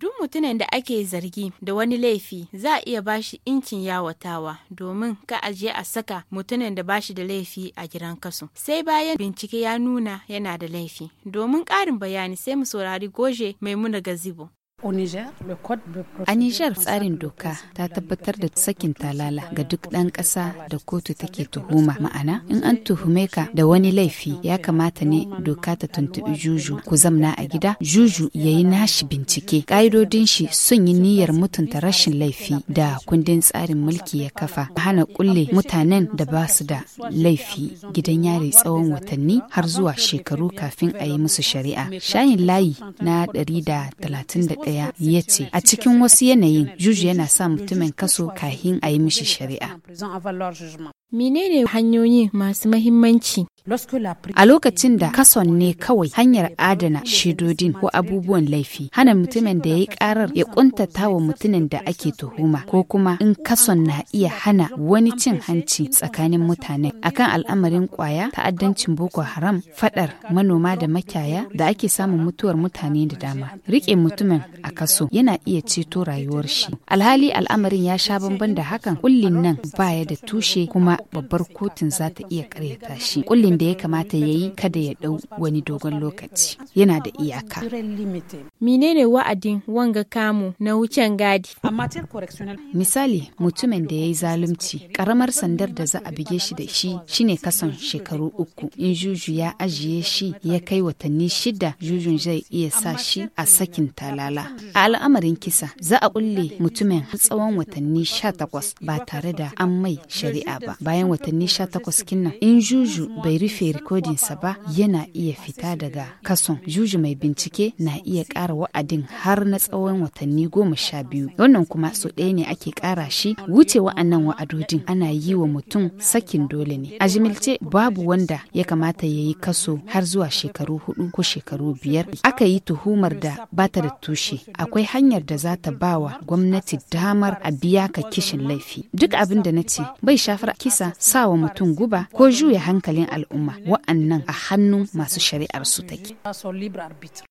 Duk mutumin da ake zargi da wani laifi za a iya bashi incin yawatawa domin ka aje a saka mutumin da bashi da laifi a gidan kasu, Sai bayan bincike ya nuna yana da laifi. Domin ƙarin bayani sai mu saurari goje Maimuna Gazibo. A Nijar tsarin doka ta tabbatar da sakin talala ga duk ɗan ƙasa da kotu take tuhuma ma'ana in an tuhume ka da wani laifi ya kamata ne doka ta tuntuɓi juju ku zamna a gida juju ya yi nashi bincike ƙa'idodin shi sun yi niyyar mutunta rashin laifi da kundin tsarin mulki ya kafa hana kulle mutanen da ba su da laifi gidan yari tsawon watanni har zuwa shekaru kafin a yi musu shari'a shayin layi na ɗari da 131 ya ce a cikin wasu yanayin juju yana sa mutumin kaso kahin a yi mishi shari'a. Menene hanyoyi masu mahimmanci A lokacin da kason ne kawai hanyar adana shidodin ko abubuwan laifi, hana mutumin da ya yi karar ya kuntata wa mutumin da ake tuhuma ko kuma in kason na iya hana wani cin hanci tsakanin mutane akan al'amarin kwaya ta'addancin Boko Haram fadar manoma da makyaya da ake samun mutuwar mutane da dama. Rike mutumin a kaso yana iya ceto rayuwar shi. Alhali al'amarin ya sha bamban da hakan kullin nan baya da tushe kuma babbar kotun za ta iya karyata shi. Kullin abin da ya kamata ya yi kada ya ɗau wani dogon lokaci yana da iyaka. Menene wa'adin wanga kamu na wucen gadi? Misali mutumin da ya yi zalunci ƙaramar sandar da za a bige shi da shi shine kasan shekaru uku in juju ya ajiye shi ya kai watanni shida jujun zai iya sa shi a sakin talala. A al'amarin kisa za a kulle mutumin tsawon watanni sha takwas ba tare da an mai shari'a ba bayan watanni sha takwas kinnan in juju bai rufe rikodinsa ba yana iya fita daga kason juji mai bincike na iya ƙara wa'adin har na tsawon watanni goma sha biyu wannan kuma so ɗaya ne ake ƙara shi wuce wa'annan wa'adodin ana yi wa mutum sakin dole ne a jimilce babu wanda ya kamata ya yi kaso har zuwa shekaru hudu ko shekaru biyar aka yi tuhumar da bata da tushe akwai hanyar da za ta ba wa gwamnati damar a biya ka kishin laifi duk abin da na ce bai shafar kisa sawa mutum guba ko juya hankalin al'umma al'umma wa'annan a hannun masu shari'ar su take